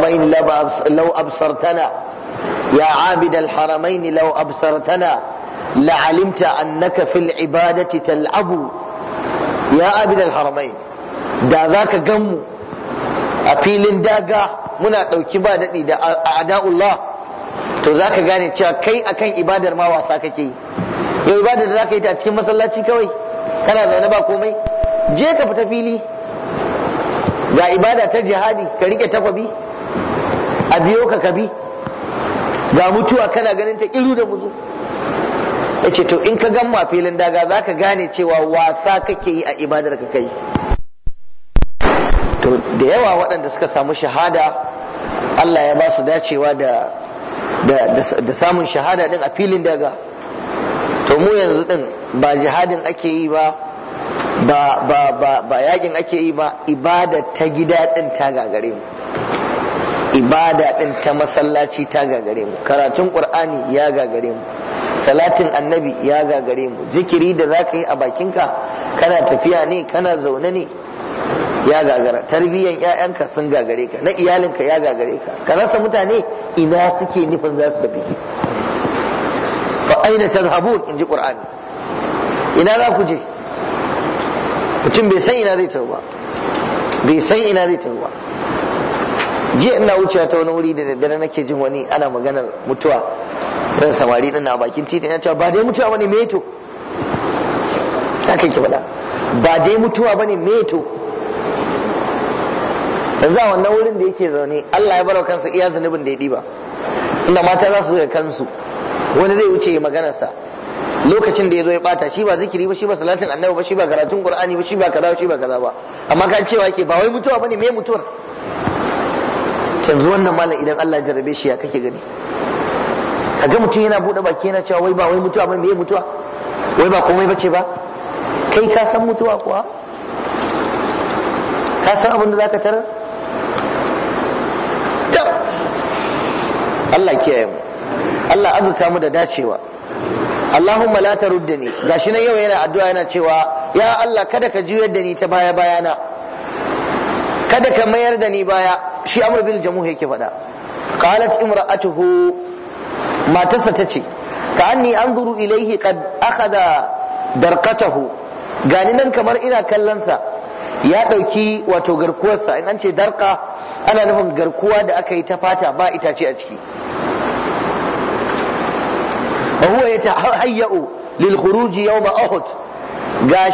الحرمين لو أبصرتنا يا عابد الحرمين لو أبصرتنا لعلمت أنك في العبادة تلعب يا عابد الحرمين da za ka ganmu a filin daga muna ɗauki ba daɗi da a'da'ullah to za ka gane cewa kai akan ibadar ma wasa kake yi yau ibadar da za ka yi ta cikin masallaci kawai kana zaune ba komai je ka fita fili ga ibada ta jihadi ka rike takwabi a biyo ka kabi ga mutuwa kana ganin ta kiru da muzu ce to in ka gan filin daga za ka gane cewa wasa kake yi a ibadar ka kai to da yawa waɗanda suka samu shahada Allah ya ba su dacewa da da samun shahada din a filin daga to mu yanzu din ba jihadin ake yi ba ba ba ba yakin ake yi ba ibada ta gida din ta gagare mu ibada din ta masallaci ta gagare mu karatun qur'ani ya gagare mu salatin annabi ya gagare mu zikiri da zaka yi a bakinka kana tafiya ne kana zaune ne ya gagara tarbiyyan ƴaƴanka sun gagare ka na iyalinka ya gagare ka ka rasa mutane ina suke nufin za su tafi fa aina tadhhabun ji qur'ani ina za ku je mutum bai san ina zai tafi ba bai san ina zai tafi ba jiya ina wucewa ta wani wuri da daddare nake jin wani ana maganar mutuwa ran samari din na bakin titi yana cewa ba dai mutuwa bane meto haka ke bada ba dai mutuwa bane meto yanzu a wannan wurin da yake zaune Allah ya baro kansa iya zanubin da ya diba inda mata za su da kansu wani zai wuce maganarsa lokacin da ya zo ya bata shi ba zikiri ba shi ba salatin annabi ba shi ba karatun qur'ani ba shi ba kaza shi ba kaza ba amma kan cewa yake ba wai mutuwa bane me mutuwar canzu wannan malam idan Allah ya jarrabe shi ya kake gani kaga mutum yana bude baki yana cewa wai ba wai mutuwa ba meye mutuwa wai ba komai bace ba kai ka san mutuwa kuwa ka san abin da zaka tar Allah kiyaye mu Allah azurta mu da dacewa Allahumma la taruddani gashi nan yau yana addu'a yana cewa ya Allah kada ka juyar da ni ta baya bayana kada ka mayar da ni baya shi amr bin jamuh yake faɗa qalat imra'atuhu matarsa ta ce ka anni anzuru ilaihi qad akhadha darqatahu gani nan kamar ina kallon sa ya dauki wato garkuwarsa in an ce darqa ana nufin garkuwa da aka yi ta fata ba itace a ciki wa huwa hayya'u lil khuruji yawm ahud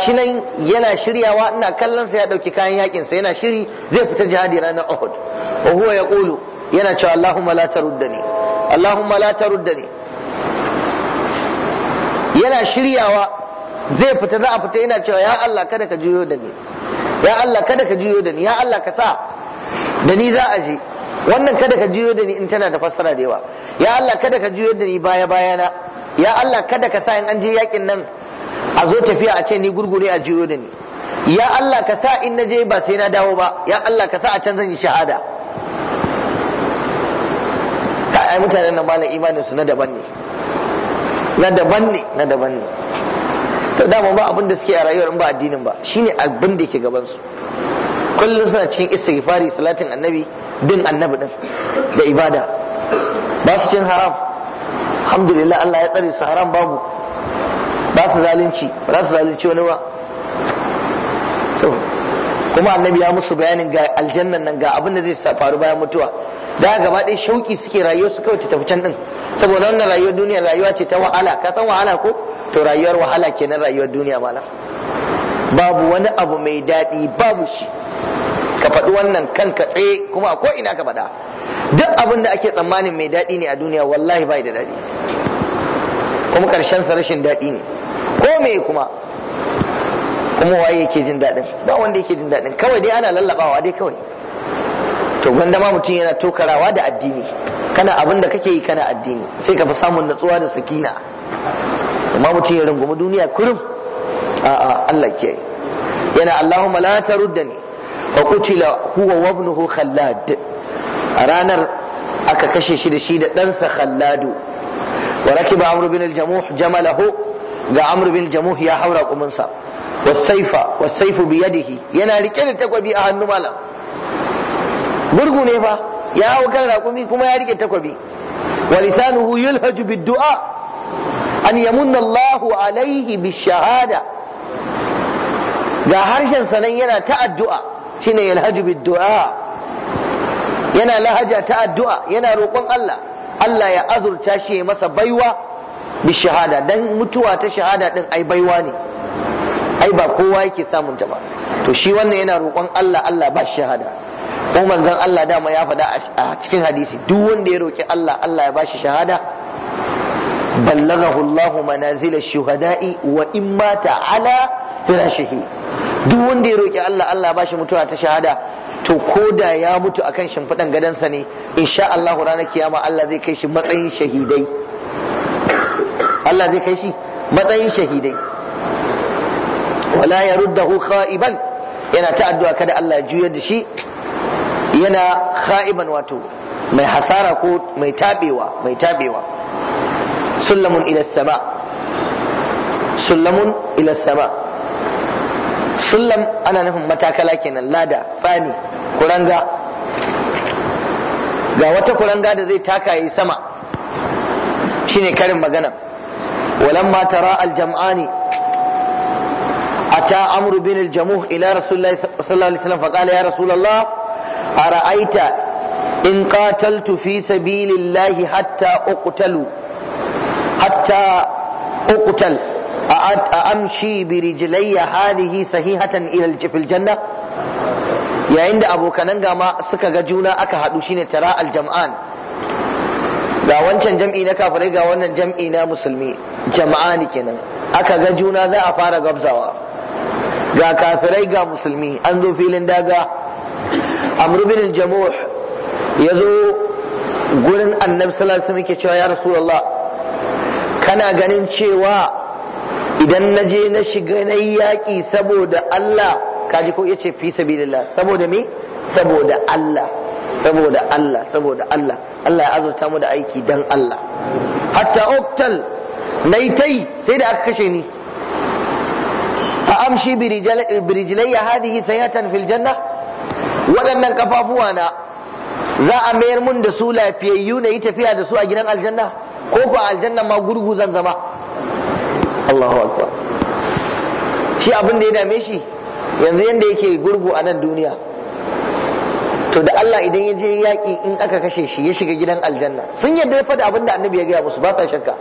shi nan yana shiryawa ina kallon sa ya dauki kayan yakin sa yana shiri zai fita jihadi ranar Uhud wa huwa yaqulu yana cewa Allahumma la taruddani Allahumma la taruddani yana shiryawa zai fita za a fita yana cewa ya Allah kada ka juyo da ni ya Allah kada ka juyo da ni ya Allah ka sa da ni za a je wannan kada ka juyo da ni in tana da fassara da yawa ya Allah kada ka juyo da ni baya bayana ya Allah kada ka sa in an je yakin nan a zo tafiya a ce ni gurgure a juyo da ni ya Allah ka sa in naje ba sai na dawo ba ya Allah ka sa a can zan yi shahada ka ai mutanen nan malam imanin su na daban ne na daban ne na daban ne to dama ba abin da suke a rayuwar ba addinin ba shine abin da yake gaban su kullum suna cikin istighfari salatin annabi bin annabi din da ibada ba su cin haram alhamdulillah Allah ya tsare su haram babu ba su zalunci ba su zalunci wani ba kuma annabi ya musu bayanin ga aljannan nan ga abin da zai faru bayan mutuwa da gaba ɗaya shauki suke rayuwa su kawai ta tafi can din saboda wannan rayuwar duniya rayuwa ce ta wahala ka san wahala ko to rayuwar wahala kenan rayuwar duniya malam babu wani abu mai daɗi babu shi ka faɗi wannan kanka tsaye kuma ko ina ka faɗa duk abin da ake tsammanin mai daɗi ne a duniya wallahi bai da daɗi kuma ƙarshen sa rashin daɗi ne ko me kuma kuma waye yake jin daɗin ba wanda yake jin daɗin kawai dai ana lallabawa dai kawai to gwanda ma mutum yana tokarawa da addini kana abin da kake yi kana addini sai ka fi samun natsuwa da sakina amma mutum ya rungumi duniya kurum a'a Allah ke yana Allahumma la taruddani wa qutila huwa wa ibnuhu khallad a ranar aka kashe shi da shi da ɗansa khalladu wa rakiba amru bin al-jamuh jamalahu ga amr bin jamuh ya haura kuminsa wasaifa wasaifu bi yadihi yana rike da takwabi a hannu malam burgu ne fa ya hau kan rakumi kuma ya rike takwabi wa lisanuhu yulhaju bid du'a an yamunna Allahu alaihi bi shahada ga harshen sanan yana ta addu'a shine yalhaju du'a yana lahaja ta addu'a yana roƙon Allah Allah ya azurta shi masa baiwa bi shahada dan mutuwa ta shahada din ai baiwa ne ai ba kowa yake samun ta ba to shi wannan yana roƙon Allah Allah ba shahada ko manzon Allah dama ya faɗa a cikin hadisi duk wanda ya roƙi Allah Allah ya bashi shahada ballaghahu Allah manazil ash-shuhada'i wa in mata ala firashihi duk wanda ya roƙi Allah Allah ya bashi mutuwa ta shahada to ko da ya mutu akan shimfiɗan gadansa ne insha Allah ranar kiyama Allah zai kai shi matsayin shahidai Allah zai kai shi matsayin shahidai wala ya ruddahu kha'iban yana ta addu'a kada Allah juyar da shi yana kha'iban wato mai hasara ko mai tabewa mai tabewa sullamun ila sama sullamun ila sama sullam ana nufin matakala kenan lada fani, kuranga ga wata kuranga da zai taka yi sama shine karin magana ولما ترى الجمعان أتى عمرو بن الجموح إلى رسول الله صلى الله عليه وسلم فقال يا رسول الله أرأيت إن قاتلت في سبيل الله حتى أقتل حتى أقتل أمشي برجلي هذه صحيحة إلى في الجنة yayin da abokanan gama suka ga juna aka haɗu shine tara aljam'an ga wancan jam'i na kafirai ga wannan jam'i na musulmi jama'a ne kenan aka ga juna za a fara gabzawa ga kafirai ga musulmi an zo filin daga amru bin jamuh ya zo gurin annabi sallallahu alaihi cewa ya rasulullah kana ganin cewa idan na je na shiga na yaki saboda Allah kaji ko yace fi sabilillah saboda me saboda Allah saboda Allah saboda Allah Allah ya azurta mu da aiki dan Allah hatta oktal nai tai sai da aka kashe ni a amshi birijilayya hadihi sayatan fil janna waɗannan kafafuwa na za a mayar mun da su lafiyayyu na yi tafiya da su a gidan aljanna ko ko aljanna ma gurgu zan zama Allahu akbar shi abin da ya dame shi yanzu yanda yake gurgu a nan duniya to da Allah idan ya je yaƙi in aka kashe shi ya shiga gidan aljanna sun yadda ya faɗi abin da annabi ya gaya musu ba sa shakka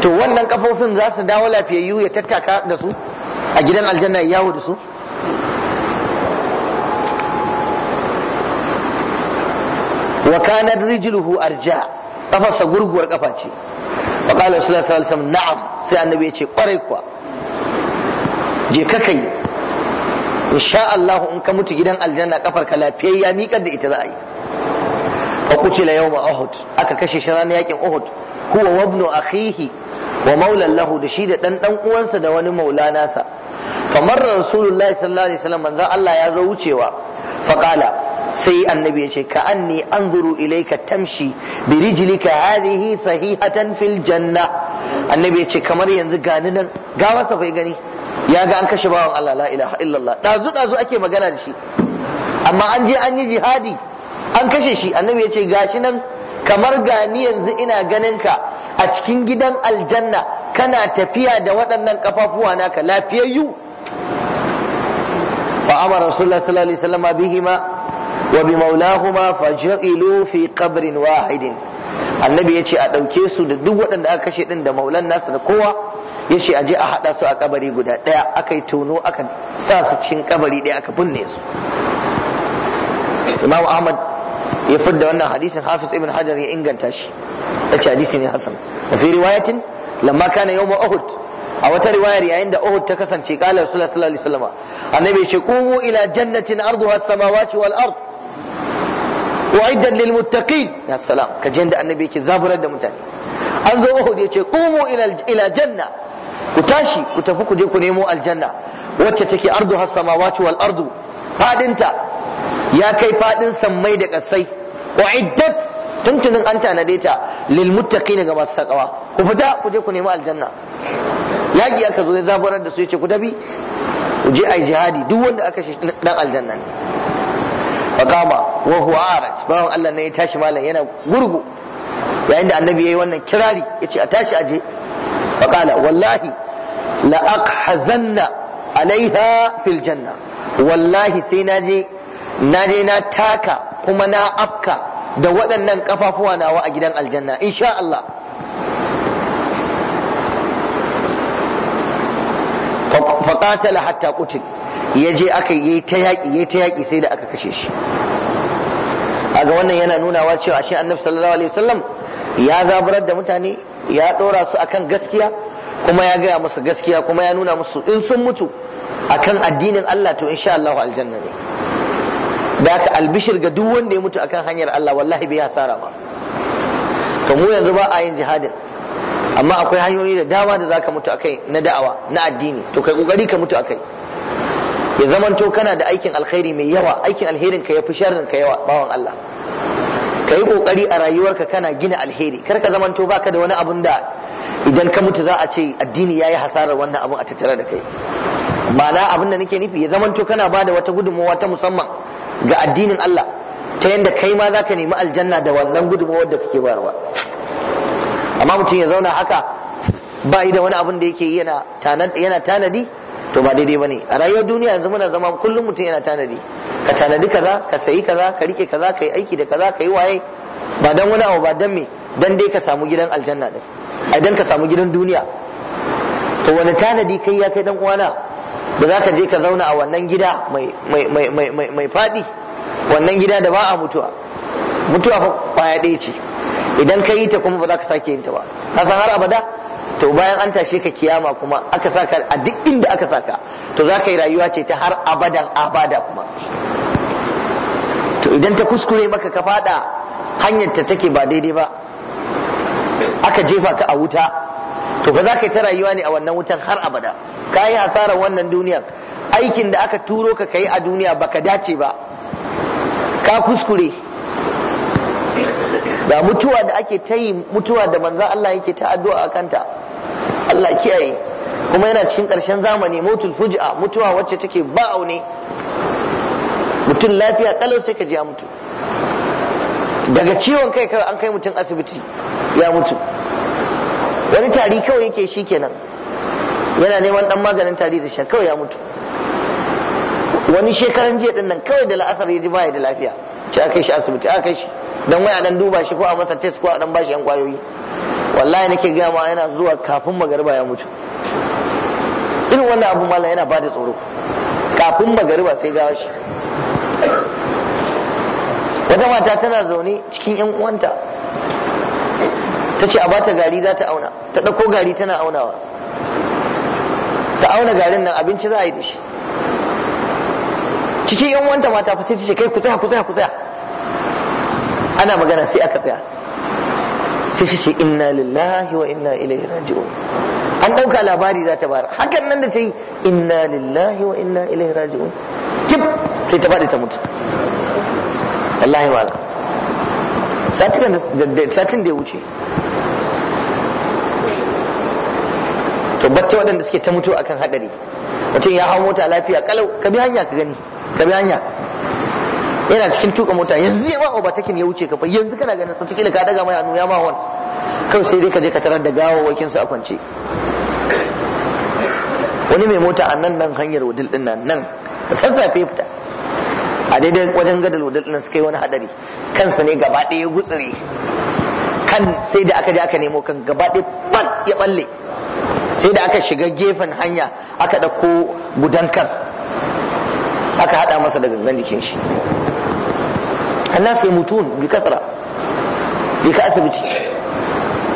to wannan kafofin za su dawo lafiyayyu ya tattaka da su a gidan aljanna ya yawo da su wa kanat rijluhu arja kafarsa gurguwar kafa ce fa qala sallallahu alaihi wasallam na'am sai annabi ya ce kwarai kuwa je ka kai insha Allah in ka mutu gidan aljanna kafar ka lafiyayya miƙar da ita za a yi fa kutila yawma uhud aka kashe shi ranar yakin uhud huwa wa akhihi wa maulan lahu da shi da dan dan uwansa da wani maula nasa kamar rasulullahi sallallahu alaihi wasallam manzo Allah ya zo wucewa fa qala sai annabi ya ce ka anni anzuru ilayka tamshi bi rijlika hadhihi sahihatan fil janna annabi ya ce kamar yanzu gani nan ga wasa bai gani ya ga an kashe bawan Allah la ilaha illallah dazu dazu ake magana da shi amma an je an yi jihadi an kashe shi annabi ya ce gashi nan kamar gani yanzu ina ganin ka a cikin gidan aljanna kana tafiya da waɗannan kafafuwa naka lafiyayyu fa amara rasulullah sallallahu alaihi wasallam bihima wa bi maulahuma faj'ilu fi qabrin wahidin annabi ya ce a ɗauke su da duk waɗanda aka kashe ɗin da maulan nasu da kowa ya ce aje a haɗa su a kabari guda ɗaya aka yi tono aka sa su cikin kabari ɗaya aka binne su imam ahmad ya fidda wannan hadisin hafiz ibn hajar ya inganta shi ya ce hadisi ne hasan da fi riwayatin lamma kana yawma uhud a wata riwayar yayin da uhud ta kasance qala sallallahu alaihi wasallam annabi ya ce qumu ila jannatin arduha as-samawati wal ard وعدا للمتقين يا annabi كجند النبي يجي زابر الدم تاني أنظر أهد يجي قوموا إلى ila janna. ku tashi ku tafi ku je ku nemo aljanna wacce take ardu has samawati wal ardu fadinta ya kai fadin sammai da kasai iddat tuntunin an tanade ta lil muttaqina ga masu sakawa. ku fita ku je ku nemo aljanna yaki aka zo ya zaburar da su yace ku tafi ku je ai jihadi duk wanda aka shi dan aljanna ne faqama wa huwa araj bawan Allah ne ya tashi malam yana gurgu yayin da annabi yayi wannan kirari yace a tashi aje فقال والله لأقحزن عليها Wallahi sai والله سيناجي na taka kuma na afka da waɗannan ƙafafuwa nawa a gidan aljanna insha Allah faƙatala hatta ya je aka yi ta yaƙi ya sai da aka kashe shi aga wannan yana nunawa cewa shi annabi sallallahu alaihi wasallam ya zaburar da mutane ya ɗora su akan gaskiya kuma ya gaya musu gaskiya kuma ya nuna musu in sun mutu akan addinin Allah to insha Allah aljanna ne da aka albishir ga duk wanda ya mutu akan hanyar Allah wallahi bai hasara ba to mu yanzu ba a yin jihadin amma akwai hanyoyi da dama da zaka mutu akai na da'awa na addini to kai kokari ka mutu akai ya zamanto kana da aikin alkhairi mai yawa aikin alherin ka ya fi sharrin ka yawa bawan Allah ka yi kokari a rayuwarka kana gina alheri kar ka zamanto baka da wani abun da idan ka mutu za a ce addini ya yi hasarar wannan abun a tattare da kai ma'ana abin da nake nufi ya zamanto kana ba da wata gudunmawa ta musamman ga addinin Allah ta yadda kai ma zaka nemi aljanna da wannan gudunmawar da kake bayarwa amma mutum ya zauna haka ba yi da wani abun da yake yana tanadi to ba daidai bane a rayuwar duniya yanzu muna zama kullum mutum yana tanadi ka tanadi kaza ka sayi kaza ka rike kaza ka yi aiki da kaza ka yi waye ba dan wani abu ba dan me dan dai ka samu gidan aljanna din idan ka samu gidan duniya to wani tanadi kai ya kai dan uwana da za ka je ka zauna a wannan gida mai mai mai mai mai fadi wannan gida da ba a mutuwa mutuwa fa kwaya ɗaya ce idan ka yi ta kuma ba za ka sake yin ta ba ka san har abada to bayan an tashe ka kiyama kuma aka saka a duk inda aka saka to za ka yi rayuwa ce ta har abadan abada kuma to idan ta kuskure maka ka fada hanyar ta take ba daidai ba aka jefa ka a wuta to ba za ka yi ta rayuwa ne a wannan wutan har abada ka yi hasarar wannan duniyar aikin da aka turo ka kai a duniya baka dace ba ka kuskure da mutuwa da ake tayi mutuwa da manzan Allah yake ta addu'a a kanta Allah kiyaye kuma yana cikin ƙarshen zamani mutul fuj'a mutuwa wacce take ba aune mutum lafiya kalau sai ka ji ya mutu daga ciwon kai kawai an kai mutum asibiti ya mutu wani tari kawai yake shi kenan yana neman dan maganin tari da sha kawai ya mutu wani shekaran jiya din nan kawai da la'asar ya ji baya da lafiya ce aka kai shi asibiti aka kai shi dan wai a dan duba shi ko a masa test ko a dan bashi yan kwayoyi wallahi nake ga ma yana zuwa kafin magariba ya mutu irin wannan abu mala yana bada tsoro kafin magariba sai gawa shi wata mata tana zaune cikin yan uwanta ta ce a bata gari za ta auna ta ɗauko gari tana aunawa ta auna garin nan abinci za a yi da shi cikin yan uwanta mata fa sai ta ce kai ku tsaya ku tsaya ku tsaya ana magana sai aka tsaya sai shi ce inna lillahi wa inna ilaihi raji'un an ɗauka labari za ta bara, hakan nan da ta yi inna lillahi wa inna ilaihi raji'un kif sai ta faɗi ta mutu wallahi wa satin da ya wuce to batta waɗanda suke ta mutu akan haɗari mutum ya hau mota lafiya kalau ka bi hanya ka gani ka bi hanya yana cikin tuka mota yanzu ya ba takin ya wuce ka fa yanzu kana ganin sun cikin ka daga mai ya mawon kawai sai dai ka je ka tarar da gawawakin su a kwance wani mai mota a nan nan hanyar wudil din nan nan sassafe fita a daidai wajen gadal wudil din suka yi wani hadari kansa ne gaba ɗaya gutsire kan sai da aka je aka nemo kan gaba ɗaya ban ya balle sai da aka shiga gefen hanya aka ɗauko gudankar aka hada masa da gangan jikin shi annasu mutun bi kasara bi ka asibiti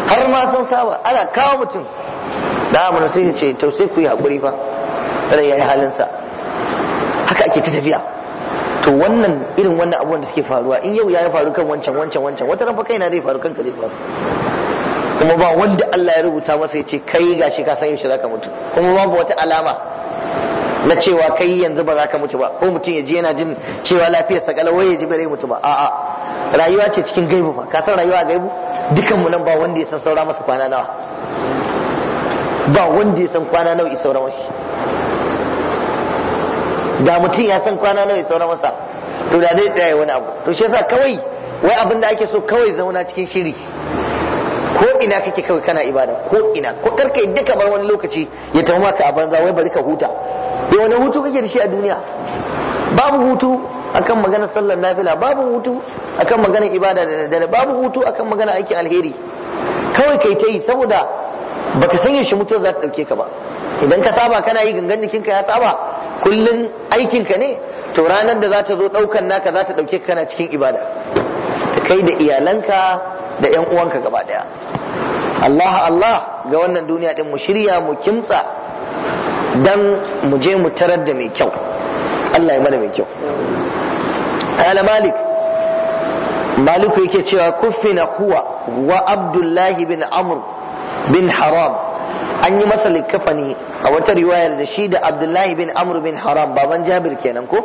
har ma san saba ana kawo mutum da amana sai ce to sai ku yi hakuri fa rai yayi halin sa haka ake ta tafiya to wannan irin wannan abubuwan da suke faruwa in yau ya faru kan wancan wancan wancan wata ran fa kaina zai faru kanka zai faru kuma ba wanda Allah ya rubuta masa ya ce kai gashi ka san yaushe zaka mutu kuma babu wata alama na cewa kai yanzu ba za ka mutu ba ko mutum ya ji yana jin cewa lafiyar kalau wai ya ji bare mutu ba a'a rayuwa ce cikin gaibu ba ka san rayuwa gaibu dukan mu nan ba wanda ya san saura masa kwana nawa ba wanda ya san kwana nawa ya saura masa da mutum ya san kwana nawa ya saura masa to da dai tsaya wani abu to shi yasa kawai wai abin da ake so kawai zauna cikin shiri ko ina kake kawai kana ibada ko ina ko karka duka bar wani lokaci ya tafi ka a banza wai bari ka huta da wani hutu kake da shi a duniya babu hutu akan maganar sallar nafila babu hutu akan maganar ibada da daddare babu hutu akan maganar aikin alheri kawai kai ta yi saboda baka san shi mutuwar za ta dauke ka ba idan ka saba kana yi gangan jikinka ya saba kullun aikinka ne to ranar da za ta zo ɗaukan naka za ta dauke ka kana cikin ibada kai da iyalanka da yan uwanka gaba daya Allah Allah ga wannan duniya din mu shirya mu kimtsa dan mu je mu tarar da mai kyau Allah ya mana mai kyau ala malik maliku yake cewa kufina huwa wa abdullahi bin amr bin haram an yi masa likafani a wata riwayar da shi da abdullahi bin amr bin haram baban jabir kenan ko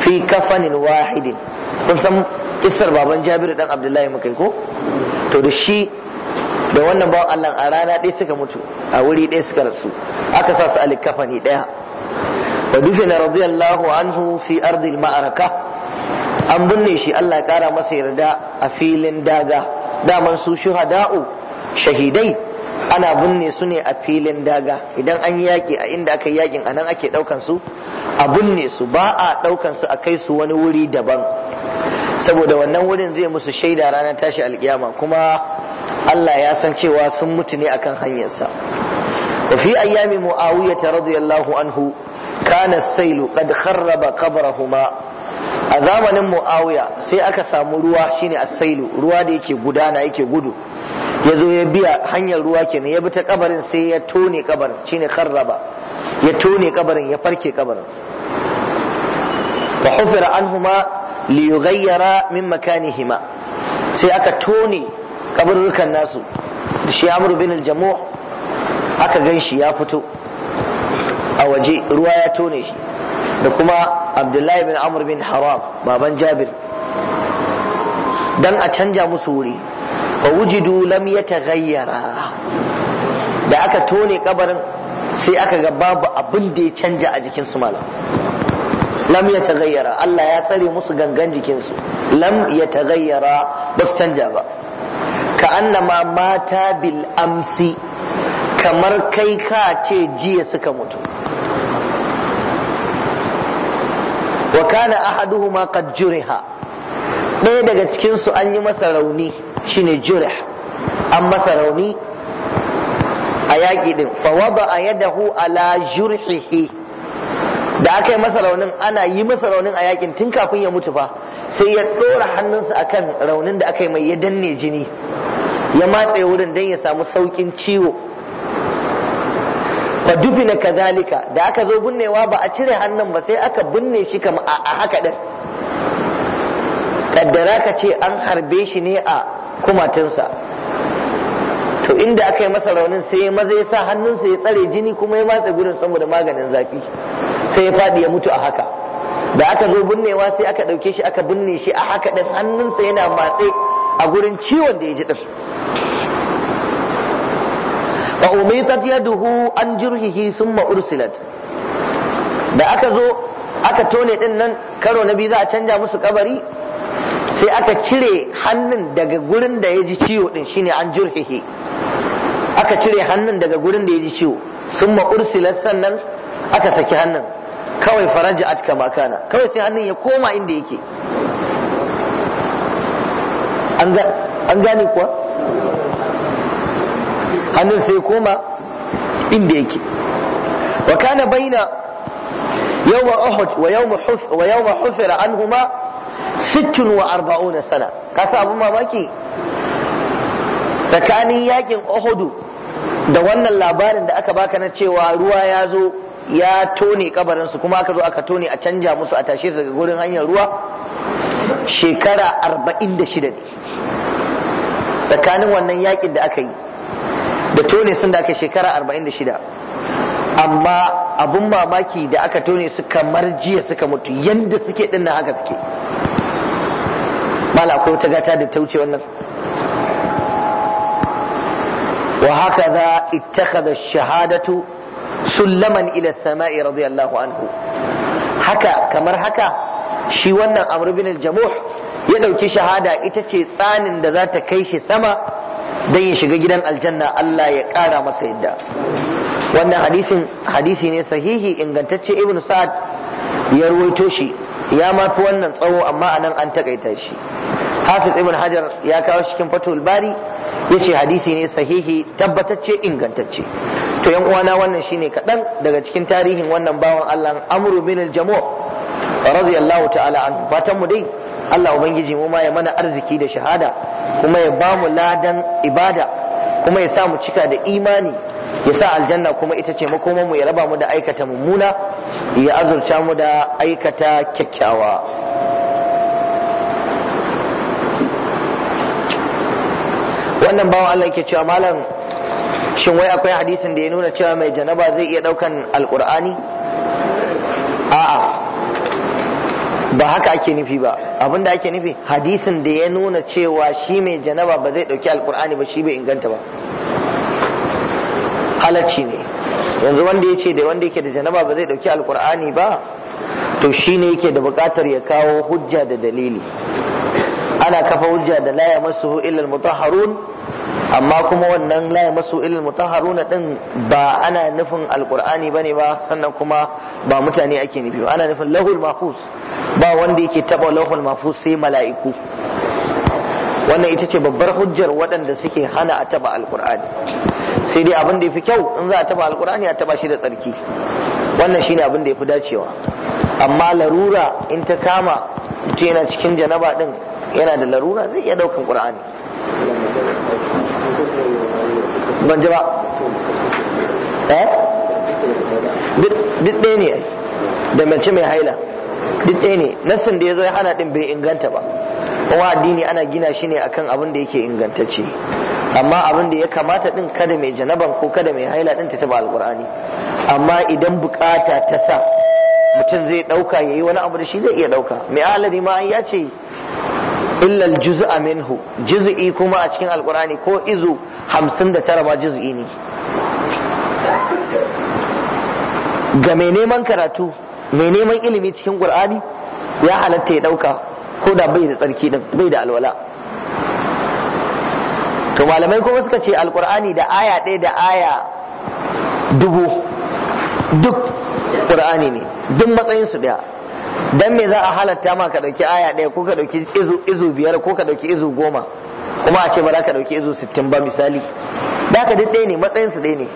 fi kafanin wahidin kun san isar baban jabir dan abdullahi mukai ko to da shi da wannan bawan Allah a rana ɗaya suka mutu a wuri ɗaya suka rasu aka sa su a likafani ɗaya wa dufina radiyallahu anhu fi ardil ma'araka an binne shi Allah ya kara masa yarda a filin daga daman su shuhada'u shahidai ana binne su ne a filin daga idan an yi yaƙi a inda aka yaƙin a nan ake ɗaukan su a binne su ba a ɗaukan su a kai su wani wuri daban saboda wannan wurin zai musu shaida ranar tashi alkiyama kuma Allah ya san cewa sun mutu ne akan hanyarsa wa fi ayyami ta radiyallahu anhu kana sailu qad kharraba qabrahuma a zamanin muawiya sai aka samu ruwa shine as-sailu ruwa da yake gudana yake gudu ya zo ya biya hanyar ruwa kenan ya bi ta kabarin sai ya tone kabarin shine kharraba ya tone kabarin ya farke kabarin wa hufira anhuma li yughayyara min makanihima sai aka tone kaburrukan nasu shi amru bin Aljamu aka gan shi ya fito a waje ruwa ya tone shi da kuma abdullahi bin amr bin haram baban jabir dan a canja musu wuri fa wujidu lam yataghayyara da aka tone kabarin sai aka ga babu abin da ya canja a jikin su malam lam ya tagayyara Allah ya tsare musu gangan jikinsu lam ya tagayyara ba su canja ba ka annama mata bil amsi kamar kai ka ce jiya suka mutu wa kana ahaduhuma qad juriha ɗaya daga cikinsu an yi masa rauni shine jurih an masa rauni a yaƙi ɗin fa wada a yadahu ala jurhihi da aka yi masa raunin ana yi masa raunin a yakin tun kafin ya mutu ba, sai ya ɗora hannunsa kan raunin da aka yi mai ya danne jini ya matse wurin don ya samu saukin ciwo dufi na kazalika da aka zo binnewa ba a cire hannun ba sai aka binne shi kam a haka ɗin. Ƙaddara ka ce an harbe shi ne a kumatinsa to inda aka yi masa raunin sai ya maza ya sa hannunsa ya tsare jini kuma ya matse gudun saboda maganin zafi sai ya faɗi ya mutu a haka da aka zo binnewa sai aka ɗauke shi aka binne shi a haka ɗin hannunsa yana matse a gurin ciwon da ya ji ɗin fa umitat yaduhu an jurhihi summa ursilat da aka zo aka tone ɗin nan karo na biyu za a canja musu kabari sai aka cire hannun daga gurin da ya ji ciwo ɗin shine an jurhihi aka cire hannun daga gurin da ya ji ciwo summa ursilat sannan aka saki hannun kawai faraja atka makana kawai sai hannun ya koma inda yake an gane kuwa hannun sai koma inda yake wa kana baina yawma uhud wa yawma hufira, an huma sittin wa 46 sana Ka sa abun mamaki tsakanin yakin uhudu da wannan labarin da aka baka na cewa ruwa ya zo ya tone kabarinsu kuma aka zo aka tone a canja musu a tashe daga gurin hanyar ruwa shekara arba'in tsakanin wannan yakin da aka yi da tone sun da aka shekara arba'in da shida amma abun mamaki da aka tone su kamar jiya suka mutu yadda suke din haka suke mala ko ta gata da ta wuce wannan za da shahadatu. sullaman ila sama'i radiyallahu anhu haka kamar haka shi wannan amr al-jamuh ya dauki shahada ita ce tsanin da za ta kai shi sama dan ya shiga gidan aljanna Allah ya ƙara masa yadda wannan hadisin hadisi ne sahihi ingantacce ibn sa'ad ya ruwaito shi ya mafi wannan tsawo amma anan an takaita shi hafiz ibn hajar ya kawo cikin fatul bari yace hadisi ne sahihi tabbatacce ingantacce to yan uwana wannan shine kaɗan daga cikin tarihin wannan bawan Allah amru bin al-jamu radiyallahu ta'ala anhu fatan mu dai Allah ubangiji mu ma ya mana arziki da shahada kuma ya ba mu ladan ibada kuma ya sa mu cika da imani ya sa aljanna kuma ita ce makomanmu mu ya raba mu da aikata mummuna ya azurta mu da aikata kyakkyawa wannan bawa Allah yake cewa malam shin wai akwai hadisin da ya nuna cewa mai janaba zai iya daukan alkur'ani a'a ba haka ake nufi ba abinda ake nufi hadisin da ya nuna cewa shi mai janaba ba zai dauki alkur'ani ba shi bai inganta ba halacci ne yanzu wanda ya ce da wanda yake da janaba ba zai dauki alkur'ani ba to shi ne yake da bukatar ya kawo hujja da dalili ana kafa hujja da la yamassuhu illa al-mutahharun amma kuma wannan la yamassuhu illa al-mutahharun din ba ana nufin alqur'ani bane ba sannan kuma ba mutane ake nufi ana nufin lahul mahfuz ba wanda yake taba lahul mahfuz sai mala'iku wannan ita ce babbar hujjar waɗanda suke hana a taba alqur'ani sai dai abin da yafi kyau in za a taba alqur'ani a taba shi da tsarki wannan shine abin da yafi dacewa amma larura in ta kama mutum yana cikin janaba din yana da larura zai iya daukan qur'ani ban ji eh duk ɗaya ne da mace mai haila duk ɗaya ne nassin da ya zo ya hana ɗin bai inganta ba kuma addini ana gina shi ne akan abin da yake ingantacce amma abin da ya kamata ɗin kada mai janaban ko kada mai haila din ta taba alƙur'ani amma idan bukata ta sa mutum zai ɗauka ya yi wani abu da shi zai iya ɗauka mai alari ma ya ce illa juz'a minhu juz'i kuma a cikin alqur'ani ko izu 59 ba juz'i ne ga mai neman karatu mai neman ilimi cikin qur'ani ya halatta ya dauka ko da bai da tsarki din bai da alwala to malamai kuma suka ce alqur'ani da aya ɗaya da aya dubu duk qur'ani ne duk matsayin su daya dan me za a halatta ma ka dauki aya ɗaya ko ka dauki izu izu biyar ko ka dauki izu goma kuma a ce ba za ka dauki izu sittin ba misali da ka duk ɗaya ne matsayin su ɗaya ne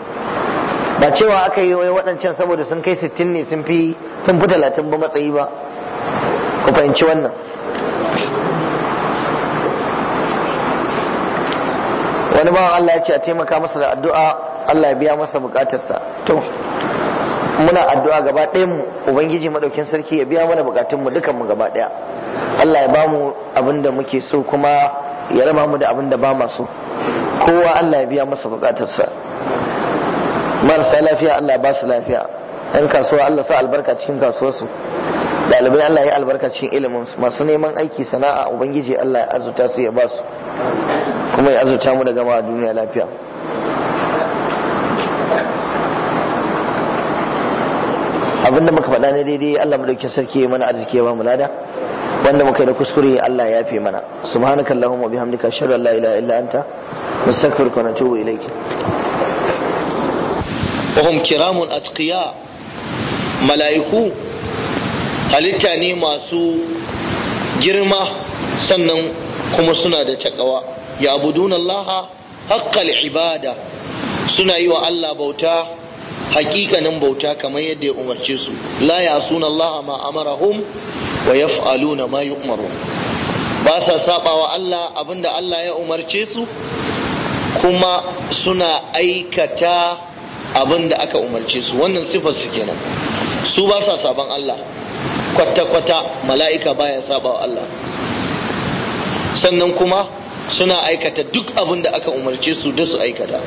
ba cewa aka yi wai waɗancan saboda sun kai sittin ne sun fi sun fi talatin ba matsayi ba ku fahimci wannan wani bawan Allah ya ce a taimaka masa da addu'a Allah ya biya masa bukatarsa to muna addu'a gaba ɗayan mu ubangiji madaukin sarki ya biya mana bukatun mu dukan mu gaba ɗaya Allah ya bamu abin da muke so kuma ya raba mu da abin da ba mu so kowa Allah ya biya masa bukatarsa marasa lafiya Allah ba su lafiya yan kasuwa Allah sa albarka cikin kasuwarsu ɗalibai Allah ya albarka cikin ilimin su masu neman aiki sana'a ubangiji Allah ya azurta su ya ba su kuma ya azurta mu da gama duniya lafiya abinda muka faɗa ne daidai Allah mu dauke sarki mana arziki ba mu lada wanda muka yi da kuskure Allah ya fi mana subhanakallahumma bihamdika ashhadu an la ilaha illa anta nastaghfiruka wa natubu ilayk وهم كرام أتقياء ملائكو halitta ne masu girma sannan kuma suna da takawa ya abudun haƙƙal ibada suna yi wa Allah bauta hakikanin bauta kamar yadda ya umarce su la ya suna Allah ma amarahum wa yaf'aluna ma yu'maru ba sa sabawa Allah abinda Allah ya umarce su kuma suna aikata abinda aka umarce su wannan sifar su kenan su ba sa saban Allah kwata-kwata mala'ika baya sabawa Allah sannan kuma suna aikata duk abinda aka umarce su da su aikata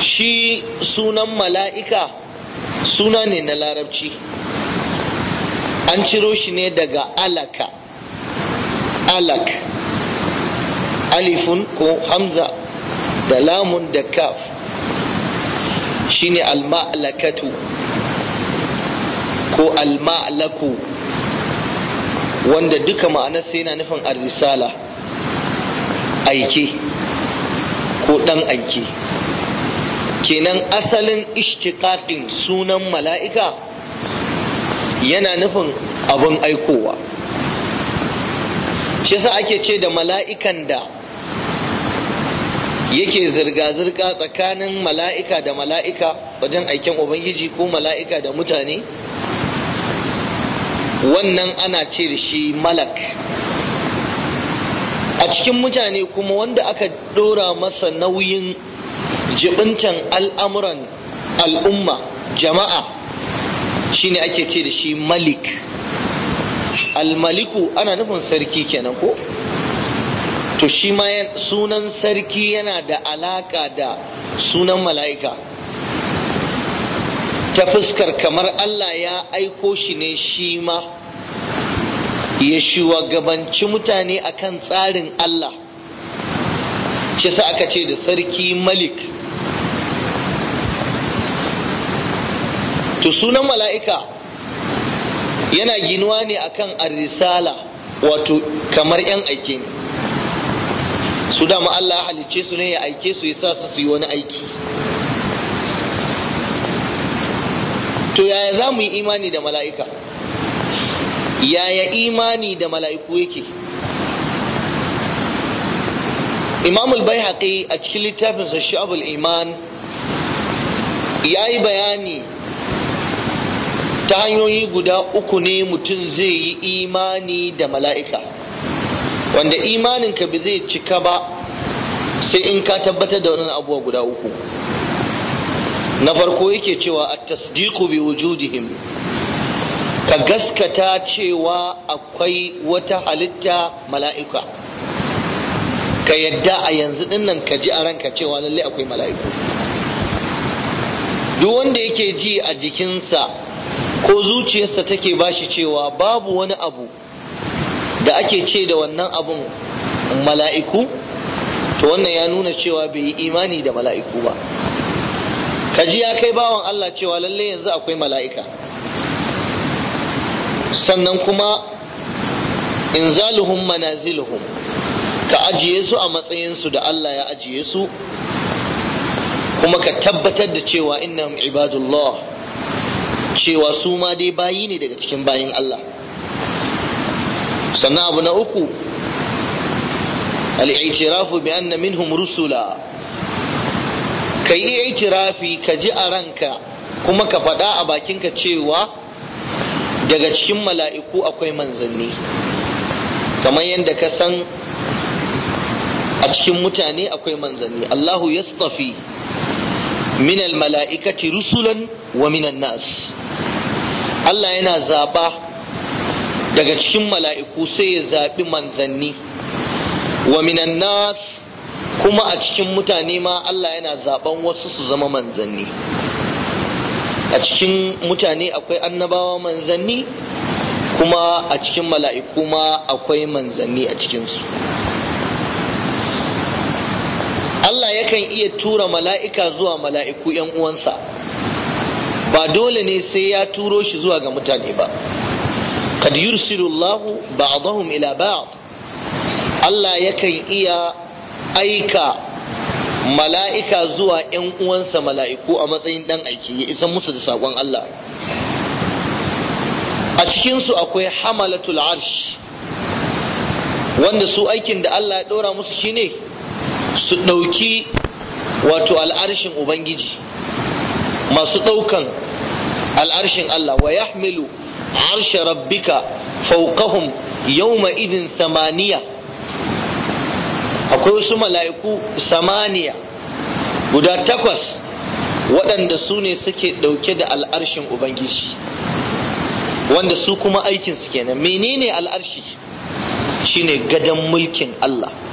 shi sunan mala'ika suna ne na larabci an ciro shi ne daga alaka alak alifun ko hamza da lamun da kaf shine lakatu ko alma’alaku wanda duka sai yana nufin risala, aike ko ɗan aike kenan asalin ishtiqaqin sunan mala'ika yana nufin abin aikowa shi yasa ake ce da mala'ikan da yake zirga-zirga tsakanin mala'ika da mala'ika wajen aiken ubangiji ko mala'ika da mutane wannan ana ce da shi malak a cikin mutane kuma wanda aka ɗora masa nauyin jibintan al'amuran al'umma jama'a shi ne ake ce da shi malik almaliku ana nufin sarki kenan ko to shi ma sunan sarki yana da alaƙa da sunan mala'ika ta fuskar kamar Allah ya aiko shi ne shi ma ya shugabanci mutane akan tsarin Allah shi sa aka ce da sarki malik to sunan mala'ika yana ginuwa ne akan arisala wato kamar 'yan aike ne su dama Allah halicce su ne ya aike su ya sa su su yi wani aiki to yaya za mu yi imani da mala'ika yaya imani da mala'iku yake imamul bai a cikin littafinsa sha'abul iman ya yi bayani ta hanyoyi guda uku ne mutum zai yi imani da mala'ika wanda imaninka bai zai cika ba sai in ka tabbatar da wannan abubuwa guda uku na farko yake cewa a tasdiku bi wujudihim ka gaskata cewa akwai wata halitta mala'ika ka yadda a yanzu dinnan ka ji a ranka cewa lallai akwai mala'iku duk wanda yake ji a jikinsa ko zuciyarsa take bashi cewa babu wani abu da ake ce da wannan abun mala'iku to wannan ya nuna cewa bai yi imani da mala'iku ba Ka ji ya kai bawan Allah cewa lalle yanzu akwai mala'ika sannan kuma in inzaluhum manaziluhum ka ajiye su a matsayinsu da Allah ya ajiye su kuma ka tabbatar da cewa innahum ibadullah cewa su ma dai bayi ne daga cikin bayin Allah sannan abu na uku al'itirafu bi anna minhum rusula ka yi itirafi ka ji a ranka kuma ka faɗa a bakinka cewa daga cikin mala'iku akwai manzanni kamar yadda ka san a cikin mutane akwai manzanni Allahu ya tsafi min mala'ikati rusulan wa minan nas Allah yana zaba daga cikin mala'iku sai ya zaɓi manzanni wa minan nas kuma a cikin mutane ma Allah yana zaɓan wasu su zama manzanni a cikin mutane akwai annabawa manzanni kuma a cikin mala'iku ma akwai manzanni a cikinsu yakan iya tura mala'ika zuwa mala'iku ‘yan uwansa ba dole ne sai ya turo shi zuwa ga mutane ba kad yursilullahu ba'dahum ila ba'd Allah yakan iya aika mala'ika zuwa ‘yan uwansa mala'iku a matsayin ɗan aiki ya isa musu da sakon Allah a cikinsu akwai hamalatul arsh wanda su aikin da Allah ya ɗora musu shi ne su ɗauki wato al'arshin ubangiji masu ɗaukan al'arshin Allah wa yahmilu arsha rabbika fawqahum yawma idin samaniya akwai wasu mala'iku samaniya guda takwas waɗanda su ne suke ɗauke da al'arshin ubangiji wanda su kuma aikinsu kenan menene al'arshi shine gadon mulkin Allah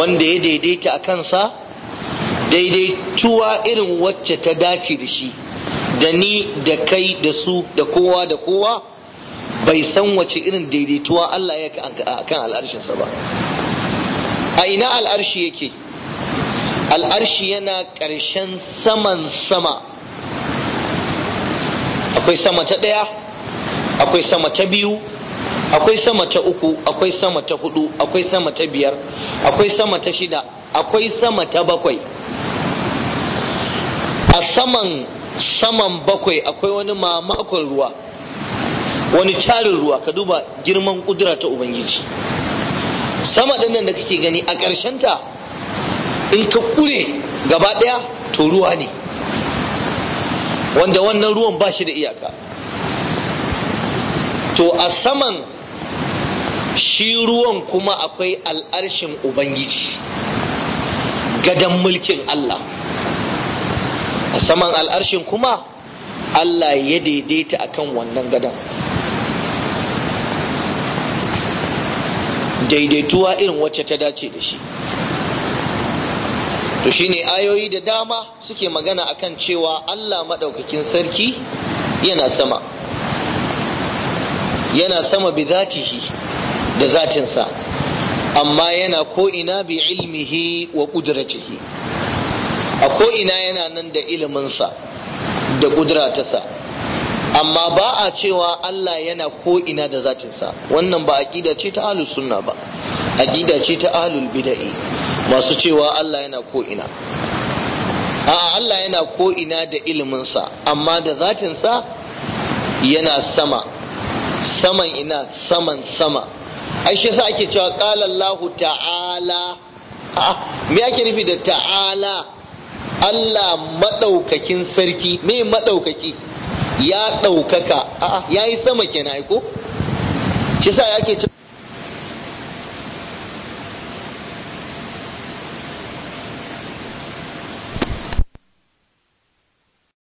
wanda ya daidaita a kansa daidaituwa irin wacce ta dace da shi da ni da kai da su da kowa da kowa bai san wace irin daidaituwa Allah ya kan al'arshinsa ba a ina al'arshi yake al'arshi yana ƙarshen saman sama akwai sama ta ɗaya akwai sama ta biyu akwai sama ta uku akwai sama ta hudu akwai sama ta biyar akwai sama ta shida akwai sama ta bakwai a saman saman bakwai akwai wani mamakon ruwa wani carin ruwa ka duba girman kudura ta ubangiji sama ɗin nan da kake gani a ƙarshen ta in ka kure gaba ɗaya to ruwa ne wanda wannan ruwan ba shi da iyaka to a saman shi ruwan kuma akwai al'arshin ubangiji gadon mulkin Allah a saman al'arshin kuma Allah ya daidaita akan wannan gadon. daidaituwa irin wacce ta dace da shi to shine ayoyi da dama suke magana akan cewa Allah maɗaukakin sarki yana sama yana sama bi zatihi da zatinsa amma yana ko'ina bi ilmihi wa ƙuduratihi a ko'ina yana nan da iliminsa da sa. amma ba a cewa Allah yana ko'ina da zatinsa wannan ba aƙida ce ta ahlus sunna ba aƙida ce ta ahlul bida'i masu cewa Allah yana ko'ina a Allah yana ko'ina da iliminsa amma da zatinsa yana sama saman ina saman sama ai shi yasa ake cewa qala Allah ta'ala me ake nufi da ta'ala Allah madaukakin sarki me madaukaki ya daukaka ya yi sama kenan ai ko shi yasa ake cewa